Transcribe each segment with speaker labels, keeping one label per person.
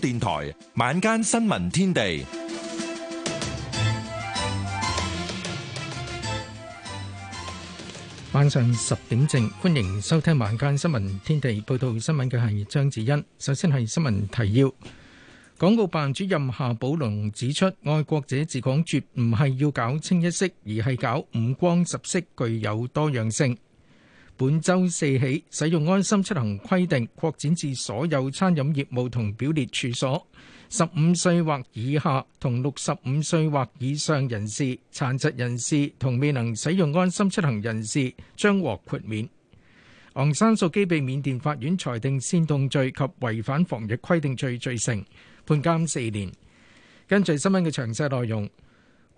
Speaker 1: 電台晚
Speaker 2: 間新聞天地，晚上十點正，歡迎收聽晚間新聞天地，報道新聞嘅係張子欣。首先係新聞提要，廣告辦主任夏寶龍指出，愛國者治港絕唔係要搞清一色，而係搞五光十色，具有多樣性。本周四起，使用安心出行規定擴展至所有餐飲業務同表列處所。十五歲或以下同六十五歲或以上人士、殘疾人士同未能使用安心出行人士將獲豁免。昂山素姬被緬甸法院裁定煽動罪及違反防疫規定罪罪成，判監四年。跟住新聞嘅詳細內容。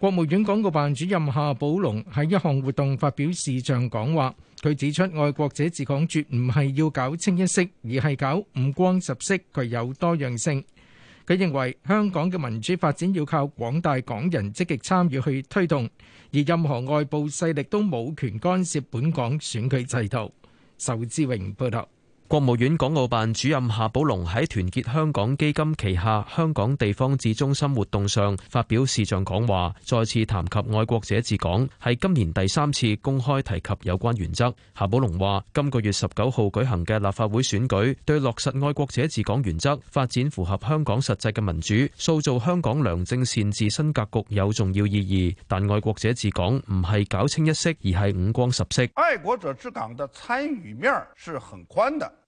Speaker 2: 國務院港澳辦主任夏寶龍喺一項活動發表視像講話，佢指出愛國者治港絕唔係要搞清一色，而係搞五光十色，具有多樣性。佢認為香港嘅民主發展要靠廣大港人積極參與去推動，而任何外部勢力都冇權干涉本港選舉制度。仇志榮報道。
Speaker 3: 國務院港澳辦主任夏寶龍喺團結香港基金旗下香港地方志中心活動上發表視像講話，再次談及愛國者治港，係今年第三次公開提及有關原則。夏寶龍話：今個月十九號舉行嘅立法會選舉，對落實愛國者治港原則、發展符合香港實際嘅民主、塑造香港良政善治新格局有重要意義。但愛國者治港唔係搞清一色，而係五光十
Speaker 4: 色。愛國者治港的參與面是很寬的。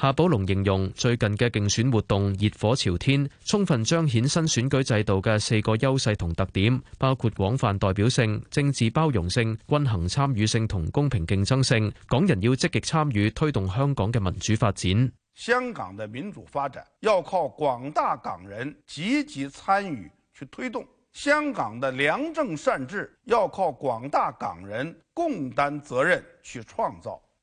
Speaker 3: 夏寶龍形容最近嘅競選活動熱火朝天，充分彰顯新選舉制度嘅四個優勢同特點，包括廣泛代表性、政治包容性、均衡參與性同公平競爭性。港人要積極參與，推動香港嘅民主發展。
Speaker 4: 香港嘅民主發展要靠廣大港人積極參與去推動，香港嘅良政善治要靠廣大港人共擔責任去創造。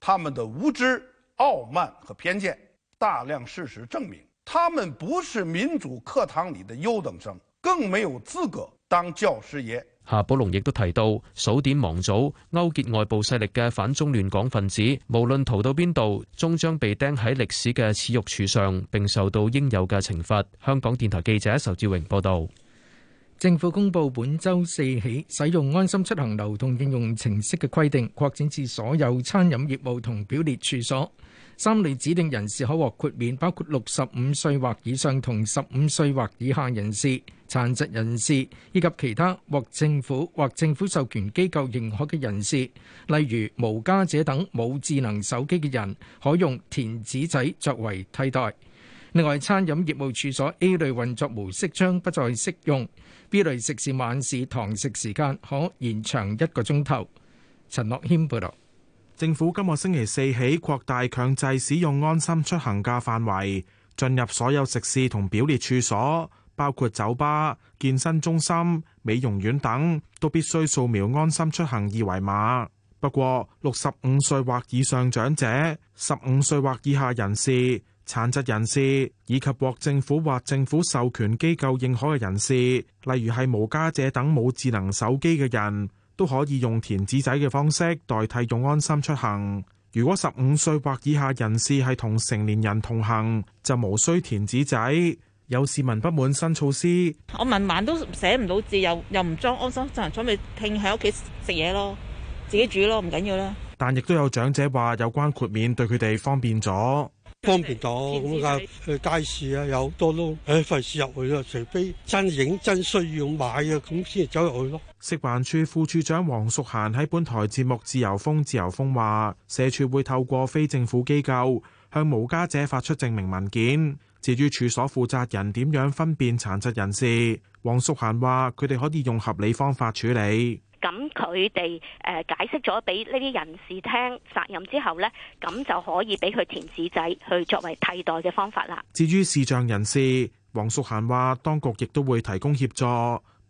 Speaker 4: 他們的無知、傲慢和偏見，大量事實證明，他們不是民主課堂裏的優等生，更沒有資格當教師爺。
Speaker 3: 夏寶龍亦都提到，數典忘祖、勾結外部勢力嘅反中亂港分子，無論逃到邊度，終將被釘喺歷史嘅恥辱柱上，並受到應有嘅懲罰。香港電台記者仇志榮報道。
Speaker 2: 政府公布本周四起使用安心出行流動應用程式嘅規定，擴展至所有餐飲業務同表列處所。三類指定人士可獲豁免，包括六十五歲或以上同十五歲或以下人士、殘疾人士以及其他獲政府或政府授權機構認可嘅人士，例如無家者等冇智能手機嘅人，可用填紙仔作為替代。另外，餐飲業務處所 A 類運作模式將不再適用。B 類食肆晚市堂食時間可延長一個鐘頭。陳樂軒報道，政府今個星期四
Speaker 5: 起擴大強制使用安心出行嘅範圍，進入所有食肆同表列處所，包括酒吧、健身中心、美容院等，都必須掃描安心出行二維碼。不過，六十五歲或以上長者、十五歲或以下人士，殘疾人士以及獲政府或政府授權機構認可嘅人士，例如係無家者等冇智能手機嘅人，都可以用填紙仔嘅方式代替用安心出行。如果十五歲或以下人士係同成年人同行，就無需填紙仔。有市民不滿新措施，
Speaker 6: 我文盲都寫唔到字，又又唔裝安心就，準備聽喺屋企食嘢咯，自己煮咯，唔緊要啦。
Speaker 5: 但亦都有長者話有關豁免對佢哋方便咗。
Speaker 7: 方便咗，咁啊！街市啊，有好多都誒，費事入去啊，除非真影真需要買啊咁先走入去咯。食環
Speaker 5: 署副處長黃淑嫻喺本台節目《自由風自由風》話，社署會透過非政府機構向無家者發出證明文件。至於處所負責人點樣分辨殘疾人士，黃淑嫻話佢哋可以用合理方法處理。
Speaker 8: 咁佢哋解釋咗俾呢啲人士聽責任之後呢，咁就可以俾佢填紙仔去作為替代嘅方法啦。
Speaker 5: 至於視障人士，黃淑嫻話，當局亦都會提供協助，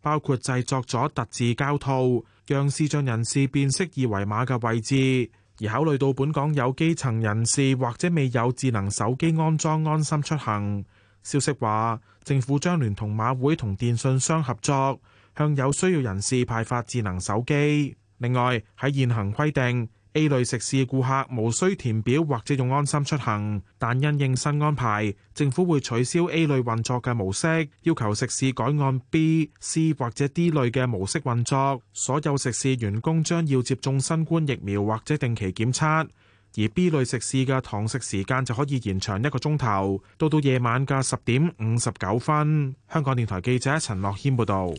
Speaker 5: 包括製作咗特製膠套，讓視障人士辨識二維碼嘅位置。而考慮到本港有基層人士或者未有智能手機安裝安心出行，消息話政府將聯同馬會同電訊商合作。向有需要人士派發智能手機。另外，喺現行規定，A 類食肆顧客無需填表或者用安心出行，但因應新安排，政府會取消 A 類運作嘅模式，要求食肆改按 B、C 或者 D 類嘅模式運作。所有食肆員工將要接種新冠疫苗或者定期檢測。而 B 類食肆嘅堂食時間就可以延長一個鐘頭，到到夜晚嘅十點五十
Speaker 2: 九分。香港電台記者陳樂謙報道。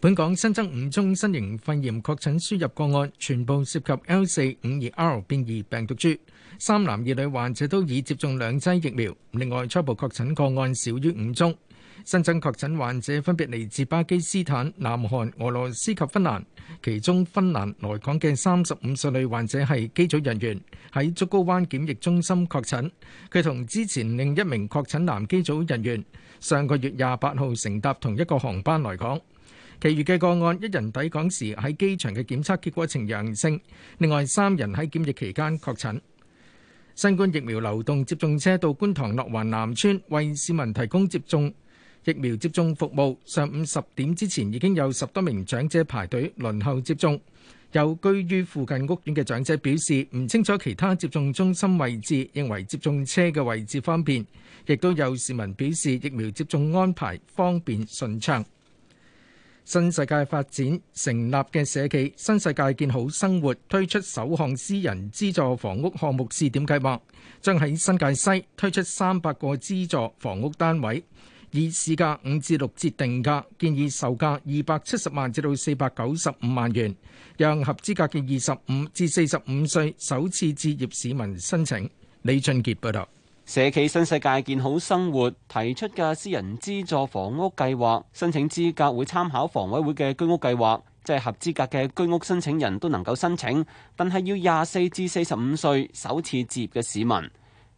Speaker 2: 本港新增五宗新型肺炎確診輸入個案，全部涉及 L 四五二 R 變異病毒株，三男二女患者都已接種兩劑疫苗，另外初步確診個案少於五宗。新增確診患者分別嚟自巴基斯坦、南韓、俄羅斯及芬蘭，其中芬蘭來港嘅三十五歲女患者係機組人員，喺竹篙灣檢疫中心確診。佢同之前另一名確診男機組人員上個月廿八號乘搭同一個航班來港。其餘嘅個案，一人抵港時喺機場嘅檢測結果呈陽性，另外三人喺檢疫期間確診。新冠疫苗流動接種車到觀塘樂華南邨為市民提供接種。疫苗接種服務，上午十點之前已經有十多名長者排隊輪候接種。有居於附近屋苑嘅長者表示唔清楚其他接種中心位置，認為接種車嘅位置方便。亦都有市民表示疫苗接種安排方便順暢。新世界發展成立嘅社企新世界建好生活推出首項私人資助房屋項目試點計劃，將喺新界西推出三百個資助房屋單位。以市價五至六折定價，建議售價二百七十萬至到四百九十五萬元，讓合資格嘅二十五至四十五歲首次置業市民申請。
Speaker 9: 李俊傑報導，社企新世界建好生活提出嘅私人資助房屋計劃，申請資格會參考房委會嘅居屋計劃，即係合資格嘅居屋申請人都能夠申請，但係要廿四至四十五歲首次置業嘅市民。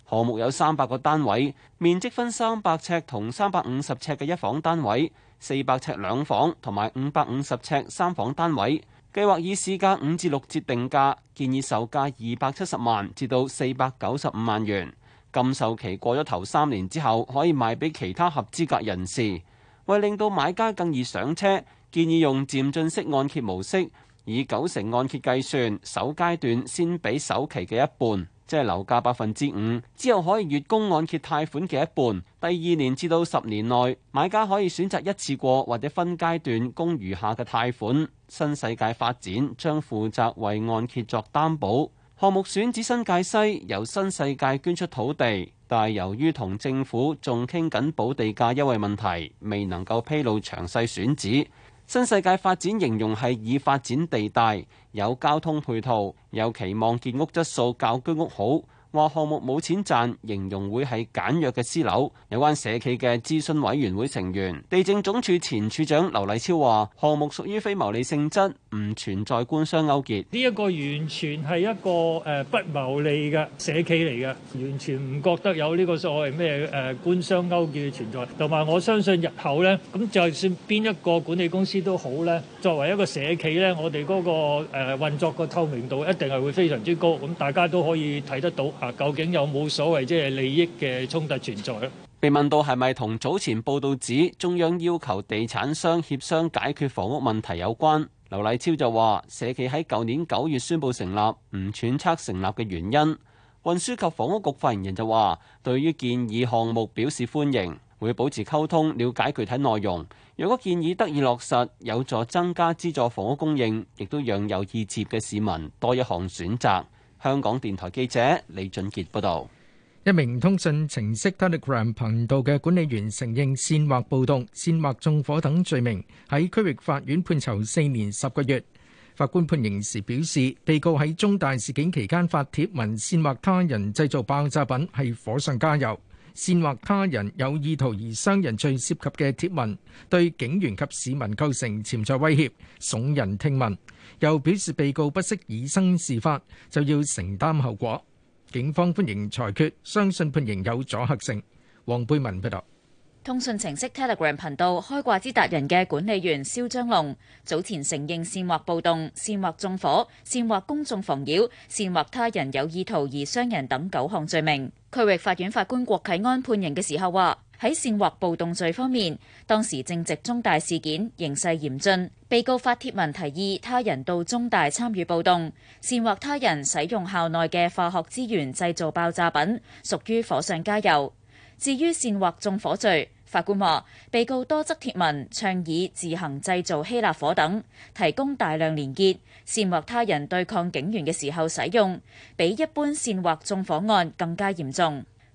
Speaker 9: 項目有三百個單位，面積分三百尺同三百五十尺嘅一房單位，四百尺兩房同埋五百五十尺三房單位。計劃以市價五至六折定價，建議售價二百七十萬至到四百九十五萬元。禁售期過咗頭三年之後，可以賣俾其他合資格人士。為令到買家更易上車，建議用漸進式按揭模式，以九成按揭計算，首階段先俾首期嘅一半。即係樓價百分之五之後，可以月供按揭貸款嘅一半。第二年至到十年內，買家可以選擇一次過或者分階段供餘下嘅貸款。新世界發展將負責為按揭作擔保。項目選址新界西，由新世界捐出土地，但係由於同政府仲傾緊補地價優惠問題，未能夠披露詳細選址。新世界發展形容係已發展地帶，有交通配套，有期望建屋質素較居屋好。話項目冇錢賺，形容會係簡約嘅私樓。有關社企嘅諮詢委員會成員、地政總署前署長劉麗超話，項目屬於非牟利性質。唔
Speaker 7: 存在官商勾結呢一個，完全係一個誒不謀利嘅社企嚟嘅，完全唔覺得有呢個所謂咩誒官商勾結嘅存在。同埋，我相信日後呢，咁就算邊一個管理公司都好呢，作為一個社企呢，我哋嗰個誒運作個透明度一定係會非常之高，咁大家都可以睇得到啊。究竟有冇所謂即係利益嘅衝突存在？
Speaker 9: 被問到係咪同早前報道指中央要求地產商協商解決房屋問題有關？劉禮超就話，社企喺舊年九月宣布成立，唔揣測成立嘅原因。運輸及房屋局發言人就話，對於建議項目表示歡迎，會保持溝通，了解具體內容。若果建議得以落實，有助增加資助房屋供應，亦都讓有意置業嘅市民多一項選擇。香港電台記者李俊傑報道。
Speaker 2: 一名通訊程式 Telegram 頻道嘅管理員承認煽惑暴動、煽惑縱火等罪名，喺區域法院判囚四年十個月。法官判刑時表示，被告喺中大事件期間發帖文煽惑他人製造爆炸品，係火上加油；煽惑他人有意圖而傷人罪涉及嘅帖文對警員及市民構成潛在威脅，聳人聽聞。又表示，被告不惜以身試法，就要承擔後果。警方歡迎裁決，相信判刑有阻嚇性。黃貝文報道。
Speaker 8: 通訊程式 Telegram 頻道開掛之達人嘅管理員肖章龍早前承認煽惑暴動，煽惑縱火、煽惑公眾妨擾，煽惑他人有意圖而傷人等九項罪名。區域法院法官郭啓安判刑嘅時候話，喺煽惑暴動罪方面，當時正值中大事件，形勢嚴峻，被告發帖文提議他人到中大參與暴動，煽惑他人使用校內嘅化學資源製造爆炸品，屬於火上加油。至於煽惑縱火罪，法官話：被告多則貼文倡議自行製造希臘火等，提供大量連結，煽惑他人對抗警員嘅時候使用，比一般煽惑縱火案更加嚴重。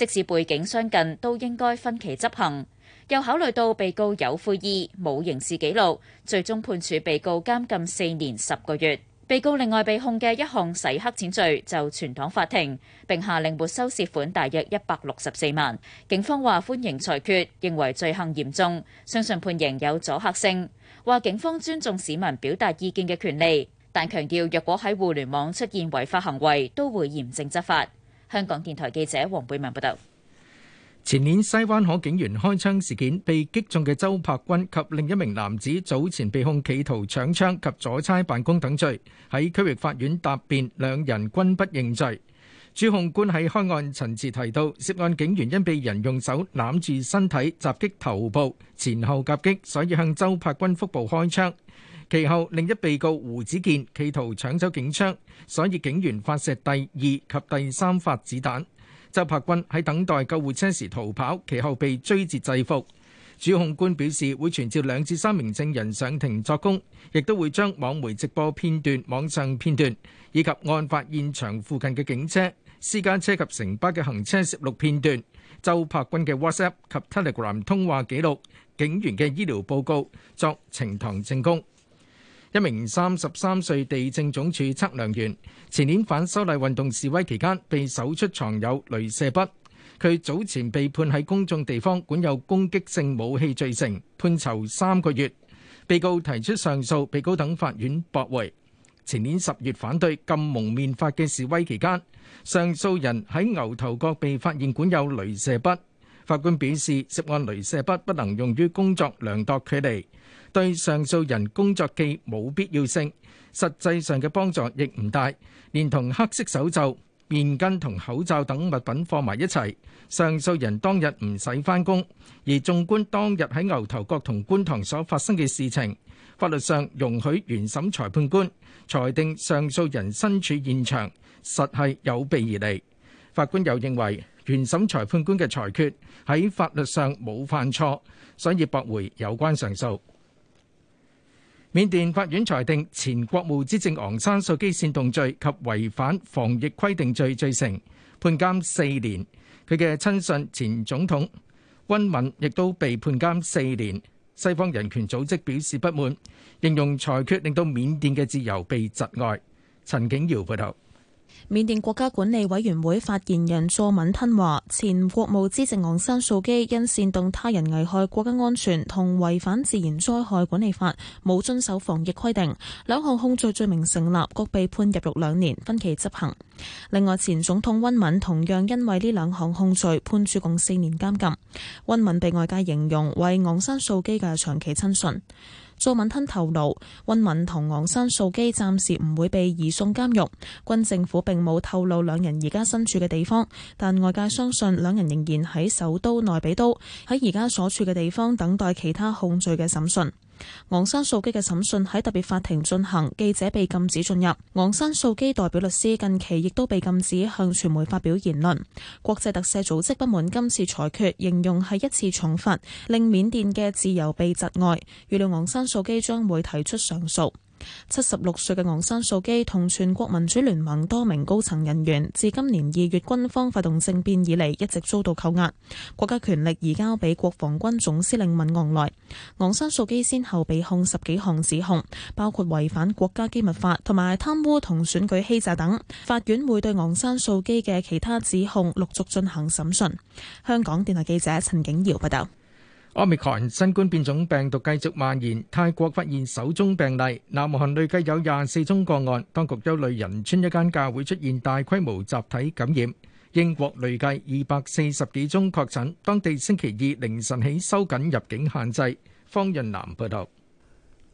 Speaker 8: 即使背景相近，都應該分期執行。又考慮到被告有悔意、冇刑事記錄，最終判處被告監禁四年十個月。被告另外被控嘅一項洗黑錢罪，就存檔法庭並下令沒收涉款大約一百六十四萬。警方話歡迎裁決，認為罪行嚴重，相信判刑有阻嚇性。話警方尊重市民表達意見嘅權利，但強調若果喺互聯網出現違法行為，都會嚴正執法。香港電台記者黃貝文報道。
Speaker 2: 前年西灣河警員開槍事件被擊中嘅周柏君及另一名男子早前被控企圖搶槍及阻差辦公等罪，喺區域法院答辯，兩人均不認罪。主控官喺開案陳詞提到，涉案警員因被人用手攬住身體襲擊頭部，前後夾擊，所以向周柏君腹部開槍。其後，另一被告胡子健企圖搶走警槍，所以警員發射第二及第三發子彈。周柏君喺等待救護車時逃跑，其後被追截制服。主控官表示會傳召兩至三名證人上庭作供，亦都會將網媒直播片段、網上片段以及案發現場附近嘅警車、私家車及城巴嘅行車攝錄片段、周柏君嘅 WhatsApp 及 Telegram 通話記錄、警員嘅醫療報告作呈堂證供。一名三十三歲地政總署測量員，前年反修例運動示威期間被搜出藏有雷射筆。佢早前被判喺公眾地方管有攻擊性武器罪成，判囚三個月。被告提出上訴，被高等法院駁回。前年十月反對禁蒙面法嘅示威期間，上訴人喺牛頭角被發現管有雷射筆。法官表示，涉案雷射筆不能用於工作量度距離。對上訴人工作既冇必要性，實際上嘅幫助亦唔大，連同黑色手袖、面巾同口罩等物品放埋一齊。上訴人當日唔使翻工，而縱觀當日喺牛頭角同觀塘所發生嘅事情，法律上容許原審裁判官裁定上訴人身處現場，實係有備而嚟。法官又認為原審裁判官嘅裁決喺法律上冇犯錯，所以駁回有關上訴。緬甸法院裁定前國務資政昂山素姬煽動罪及違反防疫規定罪罪成，判監四年。佢嘅親信前總統溫敏亦都被判監四年。西方人權組織表示不滿，形容裁決令到緬甸嘅自由被窒礙。陳景瑤報道。
Speaker 6: 緬甸國家管理委員會發言人佐敏吞話，前國務資政昂山素基因煽動他人危害國家安全同違反自然災害管理法，冇遵守防疫規定，兩項控罪罪名成立，各被判入獄兩年，分期執行。另外，前總統温敏同樣因為呢兩項控罪，判處共四年監禁。温敏被外界形容為昂山素基嘅長期親信。杜敏吞透露，温敏同昂山素姬暫時唔會被移送監獄，軍政府並冇透露兩人而家身處嘅地方，但外界相信兩人仍然喺首都內比都喺而家所處嘅地方等待其他控罪嘅審訊。昂山素基嘅審訊喺特別法庭進行，記者被禁止進入。昂山素基代表律師近期亦都被禁止向傳媒發表言論。國際特赦組織不滿今次裁決，形容係一次重罰，令緬甸嘅自由被窒礙。預料昂山素基將會提出上訴。七十六歲嘅昂山素基同全國民主聯盟多名高層人員，自今年二月軍方發動政變以嚟，一直遭到扣押。國家權力移交俾國防軍總司令敏昂萊。昂山素基先後被控十幾項指控，包括違反國家機密法同埋貪污同選舉欺詐等。法院會對昂山素基嘅其他指控陸續進行審訊。香港電台記者陳景堯報道。
Speaker 2: 奧密克戎新冠變種病毒繼續蔓延，泰國發現首宗病例，南韓累計有廿四宗個案，當局憂慮仁川一間教會出現大規模集體感染。英國累計二百四十幾宗確診，當地星期二凌晨起收緊入境限制。方潤南
Speaker 7: 報道。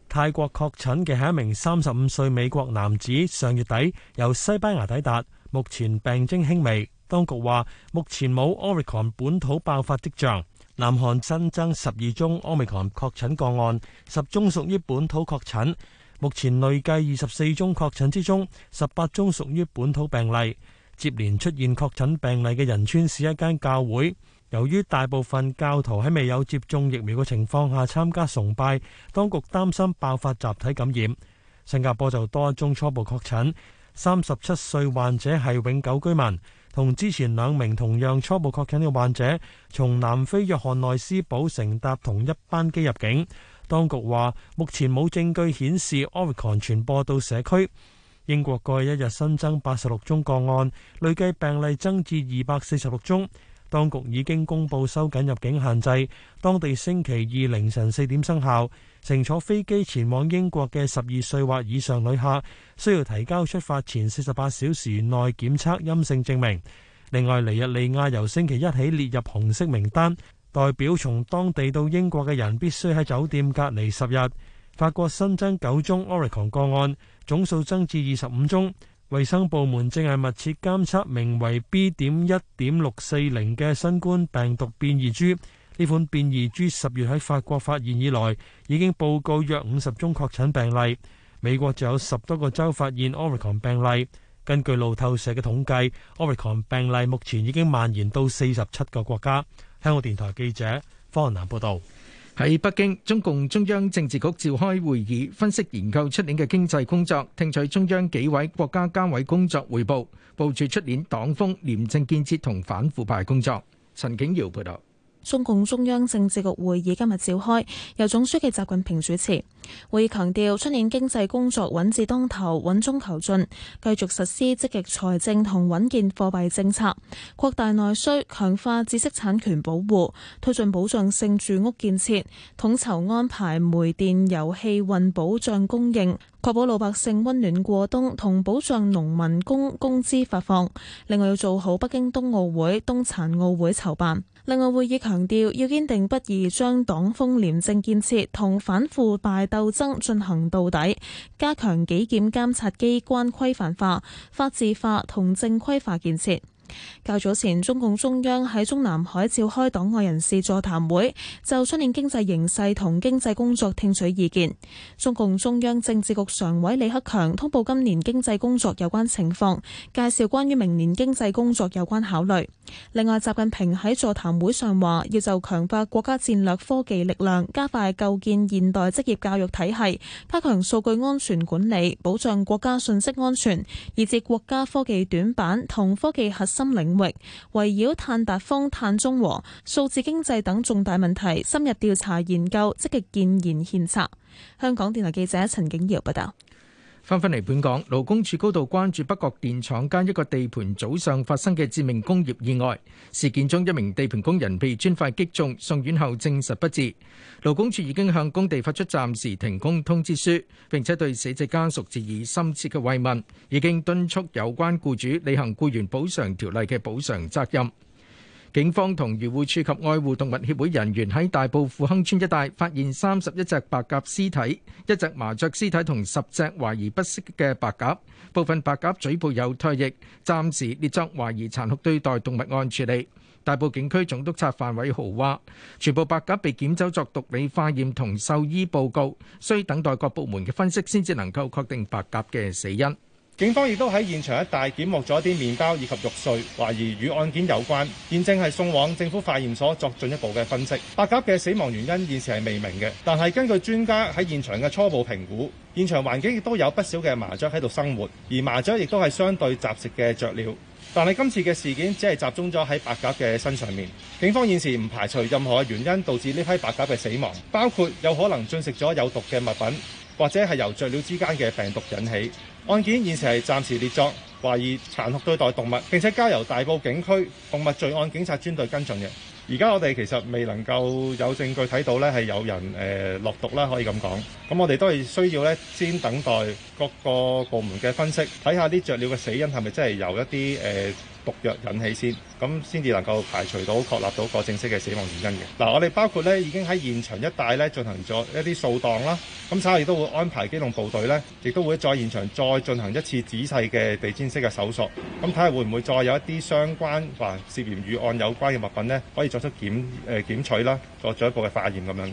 Speaker 7: 泰國確診嘅係一名三十五歲美國男子，上月底由西班牙抵達，目前病徵輕微，當局話目前冇奧密克戎本土爆發跡象。南韓新增十二宗奧密克戎確診個案，十宗屬於本土確診。目前累計二十四宗確診之中，十八宗屬於本土病例。接連出現確診病例嘅仁川市一間教會，由於大部分教徒喺未有接種疫苗嘅情況下參加崇拜，當局擔心爆發集體感染。新加坡就多一宗初步確診，三十七歲患者係永久居民。同之前兩名同樣初步確診嘅患者，從南非約翰內斯堡乘搭同一班機入境。當局話，目前冇證據顯示 Omicron 傳播到社區。英國過去一日新增八十六宗個案，累計病例增至二百四十六宗。當局已經公布收緊入境限制，當地星期二凌晨四點生效。乘坐飛機前往英國嘅十二歲或以上旅客需要提交出發前四十八小時內檢測陰性證明。另外，尼日利亞由星期一起列入紅色名單，代表從當地到英國嘅人必須喺酒店隔離十日。法國新增九宗 Omicron 個案，總數增至二十五宗。衛生部門正係密切監測名為 B. 點一點六四零嘅新冠病毒變異株。呢款變異株十月喺法國發現以來，已經報告約五十宗確診病例。美國就有十多個州發現 Omicron 病例。根據路透社嘅統計，Omicron 病例目前已經蔓延到四十七個國家。香港電台記者方雲南報道。喺北京，中共中
Speaker 2: 央政治局召開會議，分析研究出年嘅經濟工作，聽取中央紀委國家監委工作匯報，部署出年黨風廉政建設同反腐敗工作。陳景堯報道。
Speaker 6: 中共中央政治局會議今日召開，由總書記習近平主持。會議強調，出年經濟工作穩字當頭，穩中求進，繼續實施積極財政同穩健貨幣政策，擴大內需，強化知識產權保護，推進保障性住屋建設，統籌安排煤電油氣運保障供應，確保老百姓溫暖過冬，同保障農民工工資發放。另外要做好北京冬奧會、冬殘奧會籌辦。另外會議強調，要堅定不移將黨風廉政建設同反腐敗。鬥爭進行到底，加強紀檢監察機關規範化、法治化同正規化建設。較早前，中共中央喺中南海召開黨外人士座談會，就出年經濟形勢同經濟工作聽取意見。中共中央政治局常委李克強通報今年經濟工作有關情況，介紹關於明年經濟工作有關考慮。另外，習近平喺座談會上話，要就強化國家戰略科技力量，加快構建現代職業教育體系，加強數據安全管理，保障國家信息安全，以至國家科技短板同科技核心。新領域，圍繞碳達峰、碳中和、數字經濟等重大問題，深入調查研究，積極建言獻策。香港電台記者陳景瑤報道。不
Speaker 2: 翻返嚟本港，勞工處高度關注北角電廠間一個地盤早上發生嘅致命工業意外。事件中一名地盤工人被磚塊擊中，送院後證實不治。勞工處已經向工地發出暫時停工通知書，並且對死者家屬致以深切嘅慰問，已經敦促有關僱主履行僱員補償條例嘅補償責任。警方同漁護署及愛護動物協會人員喺大埔富亨村一帶發現三十一隻白鴿屍體、一隻麻雀屍體同十隻懷疑不適嘅白鴿，部分白鴿嘴部有唾液，暫時列作懷疑殘酷對待動物案處理。大埔警區總督察范偉豪話，全部白鴿被檢走作毒理化驗同獸醫報告，需等待各部門嘅分析先至能夠確定白鴿嘅死因。警方亦都喺現場一帶檢獲咗一啲麵包以及肉碎，懷疑與案件有關，現正係送
Speaker 1: 往政府化驗所作進一步嘅分析。白鴿嘅死亡原因現時係未明嘅，但係根據專家喺現場嘅初步評估，現場環境亦都有不少嘅麻雀喺度生活，而麻雀亦都係相對雜食嘅雀鳥。但係今次嘅事件只係集中咗喺白鴿嘅身上面，警方現時唔排除任何嘅原因導致呢批白鴿嘅死亡，包括有可能進食咗有毒嘅物品，或者係由雀鳥之間嘅病毒引起。案件現時係暫時列作懷疑殘酷對待動物，並且交由大埔警區動物罪案警察專隊跟進嘅。而家我哋其實未能夠有證據睇到咧係有人誒、呃、落毒啦，可以咁講。咁我哋都係需要咧先等待。各個部門嘅分析，睇下啲雀鳥嘅死因係咪真係由一啲誒、呃、毒藥引起先，咁先至能夠排除到確立到個正式嘅死亡原因嘅。嗱，我哋包括咧已經喺現場一帶咧進行咗一啲掃蕩啦，咁稍後亦都會安排機動部隊咧，亦都會再現場再進行一次仔細嘅地氈式嘅搜索，咁睇下會唔會再有一啲相關或涉嫌與案有關嘅物品咧，可以作出檢誒檢取啦，做做進一步嘅化驗咁樣嘅。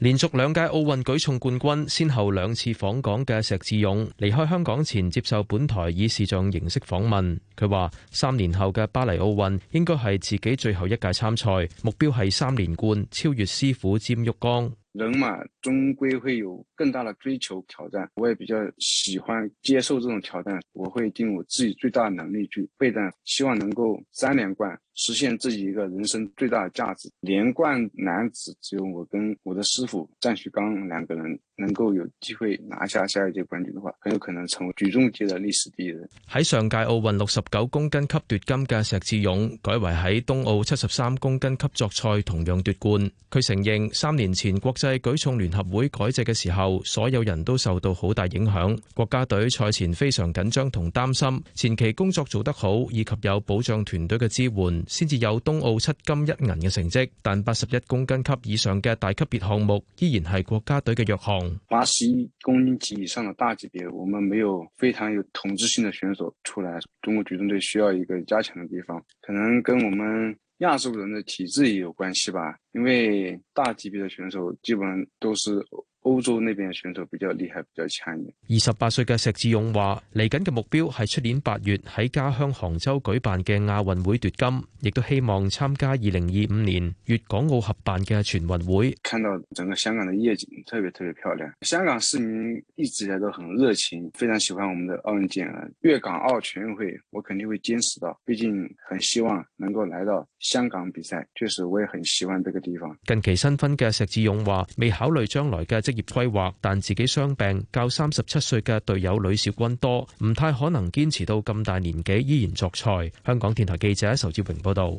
Speaker 3: 連續兩屆奧運舉重冠軍，先後兩次訪港嘅石智勇，離開香港前接受本台以視像形式訪問。佢話：三年後嘅巴黎奧運，應該係自己最後一屆參賽，目標係三連冠，超越師傅占旭剛。
Speaker 10: 人嘛，終歸會有更大的追求挑戰，我也比較喜歡接受這種挑戰，我會盡我自己最大的能力去備戰，希望能夠三連冠。實現自己一個人生最大的價值。連冠男子只有我跟我的師傅戰旭剛兩個人能夠有機會拿下下一屆冠軍的話，很有可能成為舉重界的歷史第一人。
Speaker 3: 喺上屆奧運六十九公斤級奪金嘅石智勇，改為喺東奧七十三公斤級作賽，同樣奪冠。佢承認三年前國際舉重聯合會改制嘅時候，所有人都受到好大影響。國家隊賽前非常緊張同擔心，前期工作做得好以及有保障團隊嘅支援，先至有東奧七金一銀嘅成績，但八十一公斤級以上嘅大級別項目依然係國家隊嘅弱項。
Speaker 10: 八十一公斤級以上嘅大級別，我們沒有非常有統治性的選手出來。中國舉重隊需要一個加強嘅地方，可能跟我們亞洲人的體質也有關係吧。因為大級別嘅選手基本都是。歐洲那邊嘅選手比較厲害，比較強嘅。
Speaker 3: 二十八歲嘅石智勇話：嚟緊嘅目標係出年八月喺家鄉杭州舉辦嘅亞運會奪金，亦都希望參加二零二五年粵港澳合辦嘅全運會。
Speaker 10: 看到整個香港嘅夜景特別特別漂亮，香港市民一直以來都很熱情，非常喜歡我們的奧運健兒。粵港澳全運會我肯定會堅持到，畢竟很希望能夠來到香港比賽，確實我也很喜歡這個地方。
Speaker 3: 近期新婚嘅石智勇話：未考慮將來嘅職。業規劃，但自己傷病較三十七歲嘅隊友呂小軍多，唔太可能堅持到咁大年紀依然作賽。香港電台記者仇志榮報道。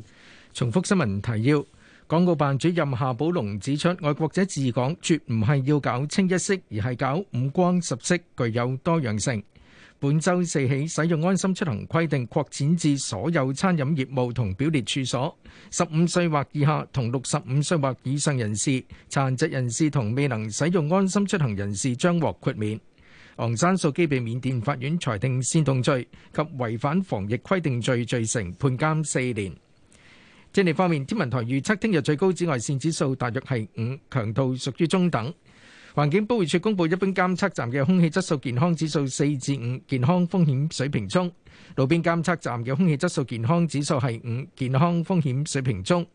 Speaker 3: 重複新聞
Speaker 2: 提要。港澳辦主任夏寶龍指出，愛國者治港絕唔係要搞清一色，而係搞五光十色，具有多樣性。本周四起，使用安心出行規定擴展至所有餐飲業務同表列處所。十五歲或以下同六十五歲或以上人士、殘疾人士同未能使用安心出行人士將獲豁免。昂山素姬被緬甸法院裁定煽動罪及違反防疫規定罪罪成，判監四年。天氣方面，天文台預測聽日最高紫外線指數大約係五，強度屬於中等。環境保護署公布，一般監測站嘅空氣質素健康指數四至五，健康風險水平中；路邊監測站嘅空氣質素健康指數係五，健康風險水平中。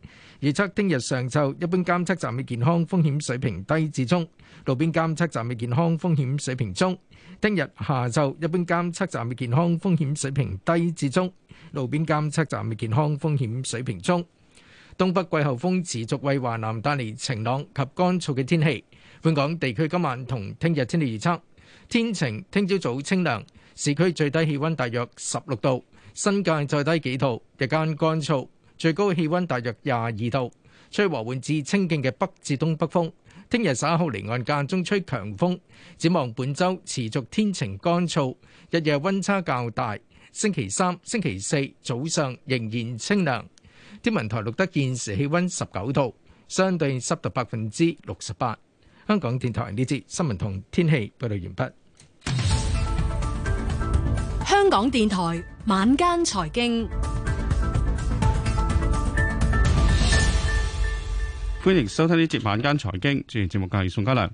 Speaker 2: 預測聽日上晝，一般監測站嘅健康風險水平低至中；路邊監測站嘅健康風險水平中。聽日下晝，一般監測站嘅健康風險水平低至中；路邊監測站嘅健康風險水平中。東北季候風持續為華南帶嚟晴朗及乾燥嘅天氣。本港地區今晚同聽日天氣預測，天晴，聽朝早清涼，市區最低氣温大約十六度，新界再低幾度，日間乾燥，最高氣温大約廿二度，吹和緩至清勁嘅北至東北風。聽日稍後離岸間中吹強風。展望本週持續天晴乾燥，日夜温差較大。星期三、星期四早上仍然清涼。天文台錄得現時氣温十九度，相對濕度百分之六十八。香港電台呢節新聞同天氣報道完畢。
Speaker 11: 香港電台晚間財經，
Speaker 12: 歡迎收聽呢節晚間財經。主持節目嘅係宋家良。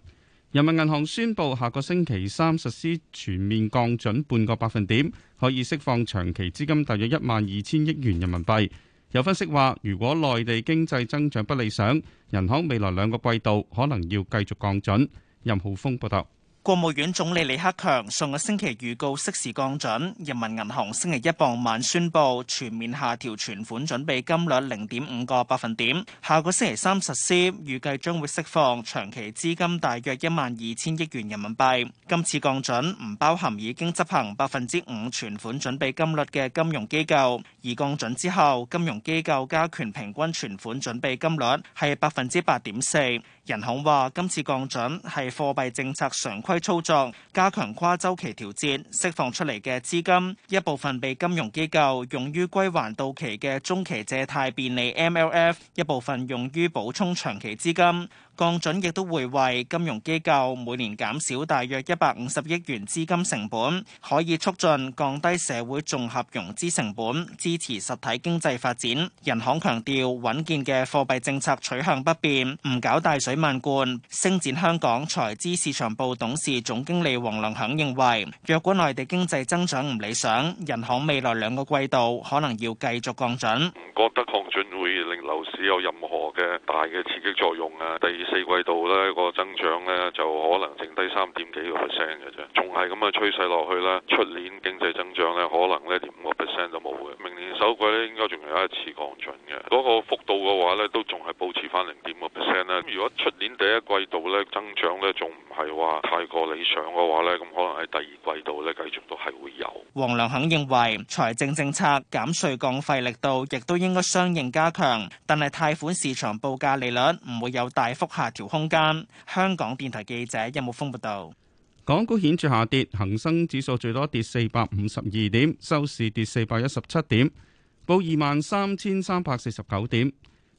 Speaker 12: 人民銀行宣佈下個星期三實施全面降準半個百分點，可以釋放長期資金大約一萬二千億元人民幣。有分析話，如果內地經濟增長不理想，人行未來兩個季度可能要繼續降準。任浩峰報道。
Speaker 13: 國務院總理李克強上個星期預告適時降準，人民銀行星期一傍晚宣布全面下調存款準備金率零點五個百分點，下個星期三實施，預計將會釋放長期資金大約一萬二千億元人民幣。今次降準唔包含已經執行百分之五存款準備金率嘅金融機構，而降準之後金融機構加權平均存款準備金率係百分之八點四。人行話今次降準係貨幣政策常規。操作，加強跨周期調節，釋放出嚟嘅資金，一部分被金融機構用於歸還到期嘅中期借貸便利 （MLF），一部分用於補充長期資金。降準亦都會為金融機構每年減少大約一百五十億元資金成本，可以促進降低社會綜合融資成本，支持實體經濟發展。人行強調穩健嘅貨幣政策取向不變，唔搞大水漫灌。星展香港財資市場部董事總經理黃良享認為，若果內地經濟增長唔理想，人行未來兩個季度可能要繼續降準。唔
Speaker 1: 覺得降準會令樓市
Speaker 5: 有任何嘅大嘅刺激作用啊。第二四季度咧，個增長咧，就可能剩低三點幾個 percent 嘅啫，仲係咁嘅趨勢落去咧。出年經濟增長咧，可能咧五個 percent 都冇嘅。
Speaker 8: 明年首季咧，
Speaker 5: 應該仲有一次降準嘅，嗰個幅度嘅話咧，都仲係保持翻零點五個 percent 啦。如果出年第一季度咧，增長咧，仲唔係話太過理想嘅話咧，咁可能喺第二季度咧，繼續都係會有。
Speaker 13: 黃良肯認為，財政政策減稅降費力度亦都應該相應加強，但係貸款市場報價利率唔會有大幅下調空間。香港電台記者任木峰報道，
Speaker 12: 港股顯著下跌，恒生指數最多跌四百五十二點，收市跌四百一十七點，報二萬三千三百四十九點。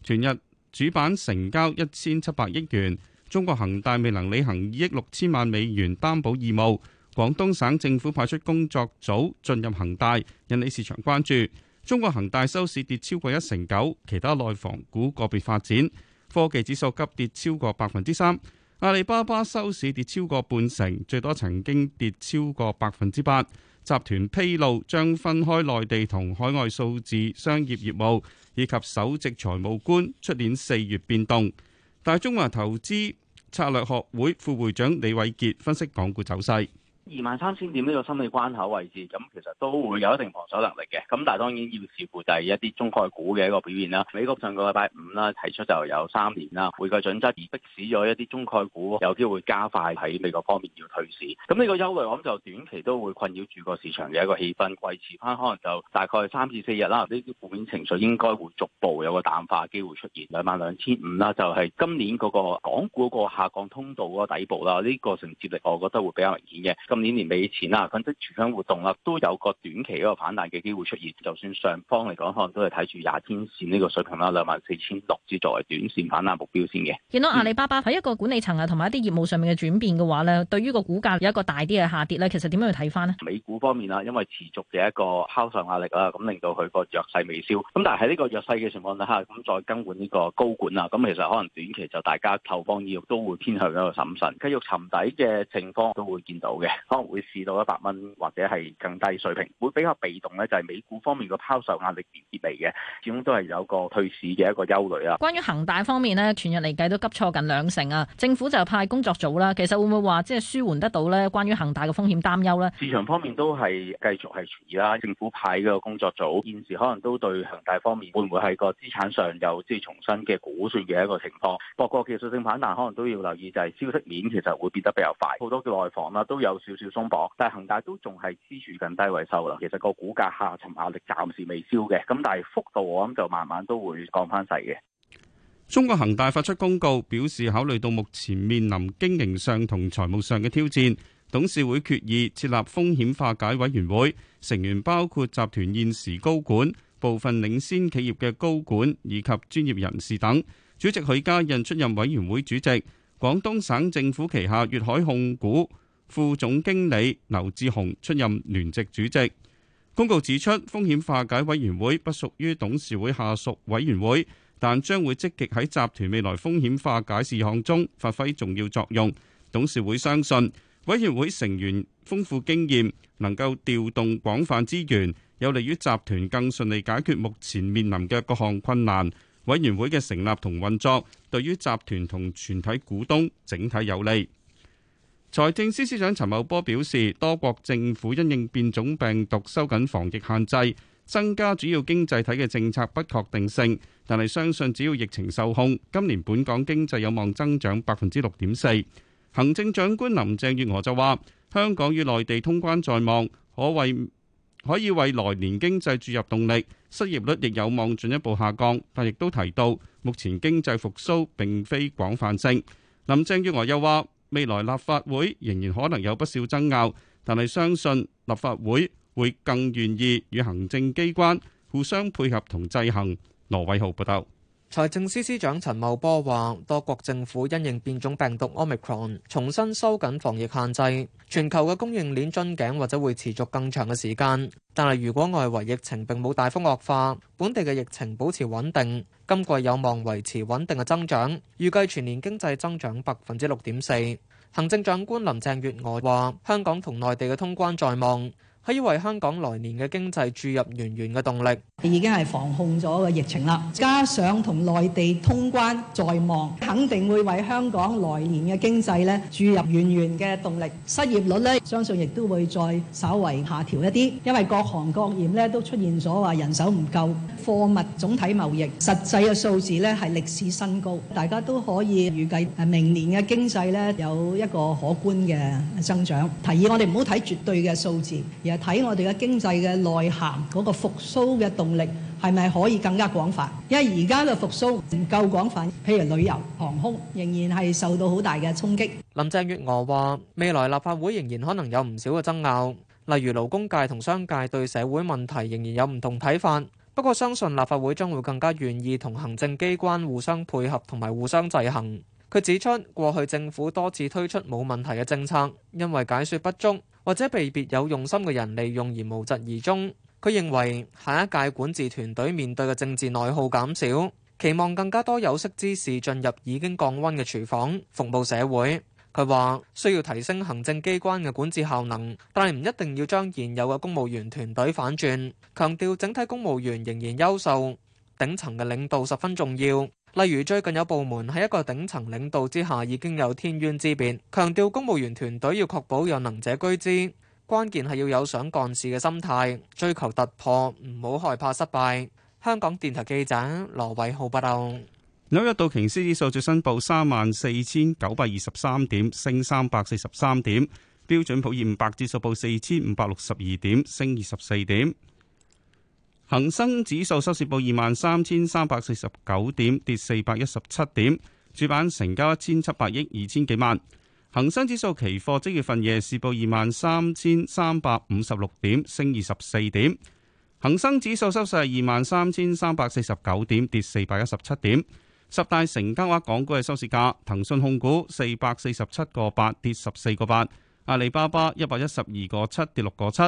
Speaker 12: 全日主板成交一千七百億元。中國恒大未能履行二億六千萬美元擔保義務，廣東省政府派出工作組進入恒大，引起市場關注。中國恒大收市跌超過一成九，其他內房股個別發展。科技指數急跌超過百分之三，阿里巴巴收市跌超過半成，最多曾經跌超過百分之八。集團披露將分開內地同海外數字商業業務，以及首席財務官出年四月變動。大中華投資策略學會副會長李偉傑分析港股走勢。
Speaker 14: 二萬三千點呢個心理關口位置，咁其實都會有一定防守能力嘅。咁但係當然要視乎就係一啲中概股嘅一個表現啦。美國上個禮拜五啦提出就有三年啦會計準則，而迫使咗一啲中概股有機會加快喺美國方面要退市。咁呢個憂慮我諗就短期都會困擾住個市場嘅一個氣氛，維持翻可能就大概三至四日啦。呢啲負面情緒應該會逐步有個淡化機會出現。兩萬兩千五啦，就係今年嗰個港股個下降通道嗰個底部啦。呢個承接力我覺得會比較明顯嘅。今年年尾前啦，咁即係全港活動啦，都有個短期一個反彈嘅機會出現。就算上方嚟講，可能都係睇住廿天線呢個水平啦，兩萬四千六至作為短線反彈目標先嘅。
Speaker 6: 見到阿里巴巴喺一個管理層啊，同埋一啲業務上面嘅轉變嘅話咧，對於個股價有一個大啲嘅下跌咧，其實點樣去睇翻呢？
Speaker 14: 美股方面啦，因為持續嘅一個拋售壓力啦，咁令到佢個弱勢未消。咁但係喺呢個弱勢嘅情況下，咁再更換呢個高管啊，咁其實可能短期就大家投放意欲都會偏向一個審慎，繼續沉底嘅情況都會見到嘅。可能會試到一百蚊或者係更低水平，會比較被動咧，就係美股方面個拋售壓力而嚟嘅，始終都係有個退市嘅一個憂慮啊。關
Speaker 6: 於恒大方面咧，全日嚟計都急挫近兩成啊。政府就派工作組啦，其實會唔會話即係舒緩得到咧？關於恒大嘅風險擔憂咧，
Speaker 14: 市場方面都係繼續係存疑啦。政府派嘅工作組現時可能都對恒大方面會唔會係個資產上有即係重新嘅估算嘅一個情況。不過技術性反彈可能都要留意，就係消息面其實會變得比較快，好多嘅內房啦都有。少少鬆綁，但係恒大都仲係支住近低位收啦。其實個股價下沉壓力暫時未消嘅，咁但係幅度我諗就慢慢都會降翻細嘅。
Speaker 12: 中國恒大發出公告，表示考慮到目前面臨經營上同財務上嘅挑戰，董事會決議設立風險化解委員會，成員包括集團現時高管、部分領先企業嘅高管以及專業人士等。主席許家印出任委員會主席。廣東省政府旗下粵海控股。副總經理劉志雄出任聯席主席。公告指出，風險化解委員會不屬於董事會下屬委員會，但將會積極喺集團未來風險化解事項中發揮重要作用。董事會相信，委員會成員豐富經驗，能夠調動廣泛資源，有利於集團更順利解決目前面臨嘅各項困難。委員會嘅成立同運作，對於集團同全體股東整體有利。財政司司長陳茂波表示，多國政府因應變種病毒收緊防疫限制，增加主要經濟體嘅政策不確定性。但係相信，只要疫情受控，今年本港經濟有望增長百分之六點四。行政長官林鄭月娥就話，香港與內地通關在望，可為可以為來年經濟注入動力，失業率亦有望進一步下降。但亦都提到，目前經濟復蘇並非廣泛性。林鄭月娥又話：未來立法會仍然可能有不少爭拗，但係相信立法會會更願意與行政機關互相配合同制衡。羅偉豪報道，財政
Speaker 15: 司司長陳茂波話：多國政府因應變種病毒 Omicron，重新收緊防疫限制。全球嘅供應鏈樽頸或者會持續更長嘅時間。但係如果外圍疫情並冇大幅惡化，本地嘅疫情保持穩定。今季有望維持穩定嘅增長，預計全年經濟增長百分之六點四。行政長官林鄭月娥話，香港同內地嘅通關在望。可以為香港來年嘅經濟注入源源嘅動力。
Speaker 11: 已經係防控咗個疫情啦，加上同內地通關在望，肯定會為香港來年嘅經濟咧注入源源嘅動力。失業率咧，相信亦都會再稍微下調一啲，因為各行各業咧都出現咗話人手唔夠，貨物總體貿易實際嘅數字咧係歷史新高。大家都可以預計誒明年嘅經濟咧有一個可觀嘅增長。提議我哋唔好睇絕對嘅數字。睇我哋嘅經濟嘅內涵，嗰個復甦嘅動力係咪可以更加廣泛？因為而家嘅復甦唔夠廣泛，譬如旅遊、航空仍然係受到好大嘅衝擊。
Speaker 15: 林鄭月娥話：未來立法會仍然可能有唔少嘅爭拗，例如勞工界同商界對社會問題仍然有唔同睇法。不過，相信立法會將會更加願意同行政機關互相配合，同埋互相制衡。佢指出，過去政府多次推出冇問題嘅政策，因為解說不足或者被別有用心嘅人利用而無疾而終。佢認為下一屆管治團隊面對嘅政治內耗減少，期望更加多有識之士進入已經降温嘅廚房服務社會。佢話需要提升行政機關嘅管治效能，但係唔一定要將現有嘅公務員團隊反轉，強調整體公務員仍然優秀，頂層嘅領導十分重要。例如最近有部門喺一個頂層領導之下已經有天淵之別，強調公務員團隊要確保有能者居之，關鍵係要有想幹事嘅心態，追求突破，唔好害怕失敗。香港電台記者羅偉浩報道，
Speaker 12: 紐約道瓊斯指數最新報三萬四千九百二十三點，升三百四十三點；標準普爾五百指數報四千五百六十二點，升二十四點。恒生指數收市報二萬三千三百四十九點，跌四百一十七點。主板成交一千七百億，二千幾萬。恒生指數期貨即月份夜市報二萬三千三百五十六點，升二十四點。恒生指數收市二萬三千三百四十九點，跌四百一十七點。十大成交額港股嘅收市價：騰訊控股四百四十七個八，跌十四個八；阿里巴巴一百一十二個七，跌六個七。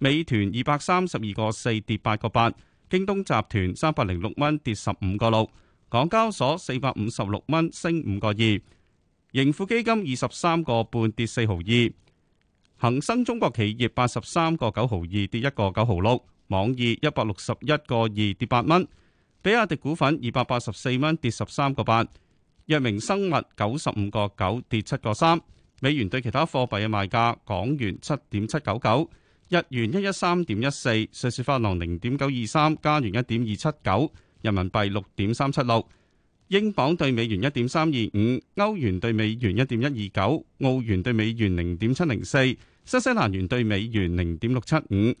Speaker 12: 美團二百三十二個四跌八個八，京東集團三百零六蚊跌十五個六，港交所四百五十六蚊升五個二，盈富基金二十三個半跌四毫二，恒生中國企業八十三個九毫二跌一個九毫六，網易一百六十一個二跌八蚊，比亞迪股份二百八十四蚊跌十三個八，藥明生物九十五個九跌七個三，美元對其他貨幣嘅賣價，港元七點七九九。日元一一三點一四，瑞士法郎零點九二三，加元一點二七九，人民幣六點三七六，英鎊對美元一點三二五，歐元對美元一點一二九，澳元對美元零點七零四，新西蘭元對美元零點六七五。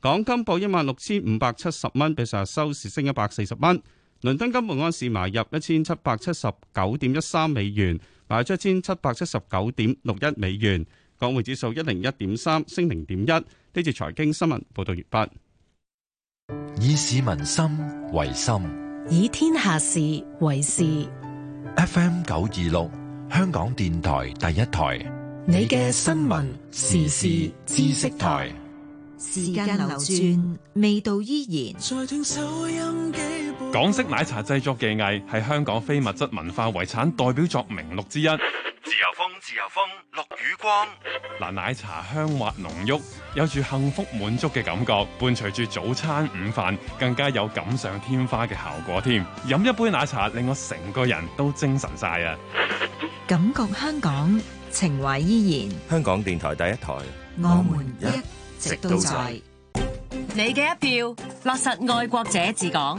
Speaker 12: 港金報一萬六千五百七十蚊，比上日收市升一百四十蚊。倫敦金每安士買入一千七百七十九點一三美元，賣出一千七百七十九點六一美元。港匯指數一零一點三，升零點一。呢住財經新聞報道完畢，以市民心為心，
Speaker 11: 以天下事為
Speaker 2: 事。
Speaker 1: F M 九二六，香港電台第一台，
Speaker 3: 你
Speaker 2: 嘅新聞時事知識台，時間流轉，
Speaker 8: 味道依然。
Speaker 1: 港式奶茶製作技藝係香港非物質文化遺產代表作名錄之一。
Speaker 8: 自由
Speaker 10: 風，自由風，落雨光。
Speaker 1: 嗱，奶茶香滑濃郁，有住幸福滿足嘅感覺，伴隨住早餐、午飯，更加有錦上添花嘅效果添。飲一杯奶茶，令我成個人都精神晒啊！
Speaker 8: 感覺香港情懷依然。
Speaker 7: 香港電台第一台，
Speaker 8: 我們一直都在。你嘅一票，落實愛國者治港。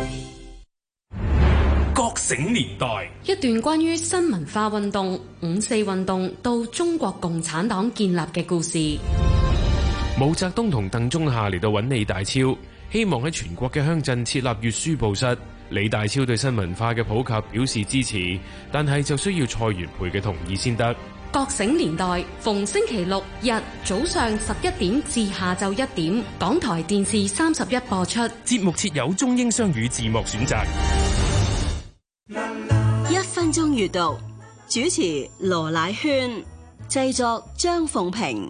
Speaker 14: 覺醒年代，
Speaker 8: 一段關於新文化運動、五四運動到中國共產黨建立嘅故事。
Speaker 3: 毛澤東同鄧中夏嚟到搵李大釗，希望喺全國嘅鄉鎮設立閱書報室。李大釗對新文化嘅普及表示支持，但係就需要蔡元培嘅同意先得。
Speaker 8: 覺醒年代逢星期六日早上十一點至下晝一點，
Speaker 11: 港台電視三十一播出。
Speaker 3: 節目設有中英雙語字幕選擇。
Speaker 11: 閱讀主持羅乃圈，製作張鳳平。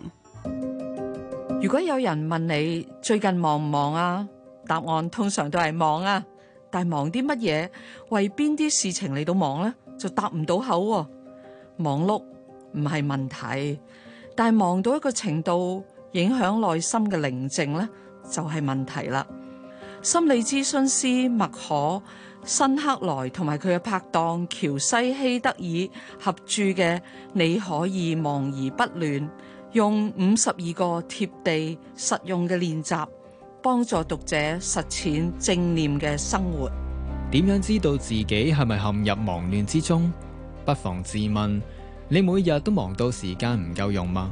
Speaker 11: 如果有人問你最近忙唔忙啊？答案通常都係忙啊，但係忙啲乜嘢，為邊啲事情嚟到忙呢？就答唔到口。忙碌唔係問題，但係忙到一個程度影響內心嘅寧靜呢，就係問題啦。心理諮詢師麥可辛克萊同埋佢嘅拍檔喬西希德爾合著嘅《你可以忙而不亂》，用五十二個貼地實用嘅練習，幫助讀者實踐正念嘅生活。
Speaker 16: 點樣知道自己係咪陷入忙亂之中？不妨自問：你每日都忙到時間唔夠用嗎？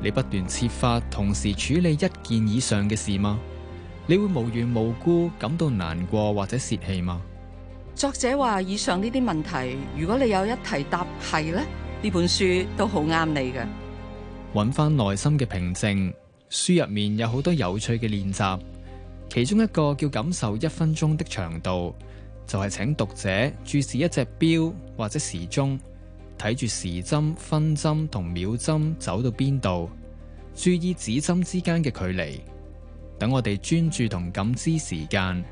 Speaker 16: 你不斷設法同時處理一件以上嘅事嗎？你會無緣無故感到難過或者洩氣嗎？
Speaker 11: 作者話：以上呢啲問題，如果你有一題答係呢，呢本書都好啱你嘅。
Speaker 16: 揾翻內心嘅平靜，書入面有好多有趣嘅練習，其中一個叫感受一分鐘的長度，就係請讀者注視一隻錶或者時鐘，睇住時針、分針同秒針走到邊度，注意指針之間嘅距離。等我哋專注同感知時間。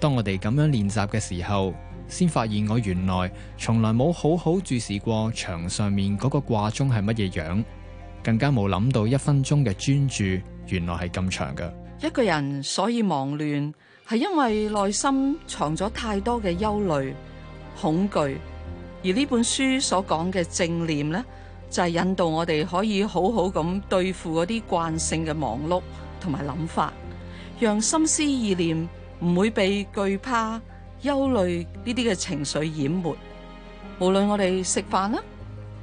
Speaker 16: 當我哋咁樣練習嘅時候，先發現我原來從來冇好好注視過牆上面嗰個掛鐘係乜嘢樣，更加冇諗到一分鐘嘅專注原來係咁長嘅。一
Speaker 11: 個人所以忙亂，係因為內心藏咗太多嘅憂慮、恐懼。而呢本書所講嘅正念呢，就係引導我哋可以好好咁對付嗰啲慣性嘅忙碌。同埋諗法，讓心思意念唔會被懼怕、憂慮呢啲嘅情緒淹沒。無論我哋食飯啦、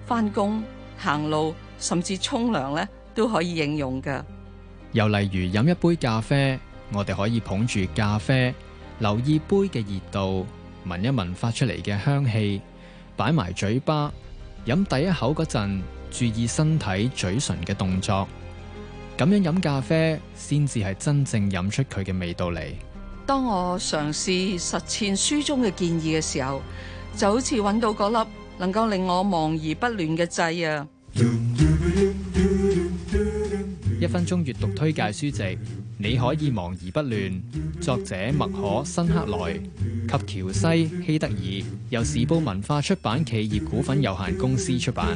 Speaker 11: 翻工、行路，甚至沖涼咧，都可以應用噶
Speaker 16: 又例如飲一杯咖啡，我哋可以捧住咖啡，留意杯嘅熱度，聞一聞發出嚟嘅香氣，擺埋嘴巴，飲第一口嗰陣，注意身體嘴唇嘅動作。咁樣飲咖啡，先至係真正飲出佢嘅味道嚟。
Speaker 11: 當我嘗試實踐書中嘅建議嘅時候，就好似搵到嗰粒能夠令我忙而不亂嘅掣啊！一
Speaker 16: 分鐘閱讀推介書籍，你可以忙而不亂。作者：麥可辛克萊及喬西希德爾，由時報文化出版企業股份有限公司出版。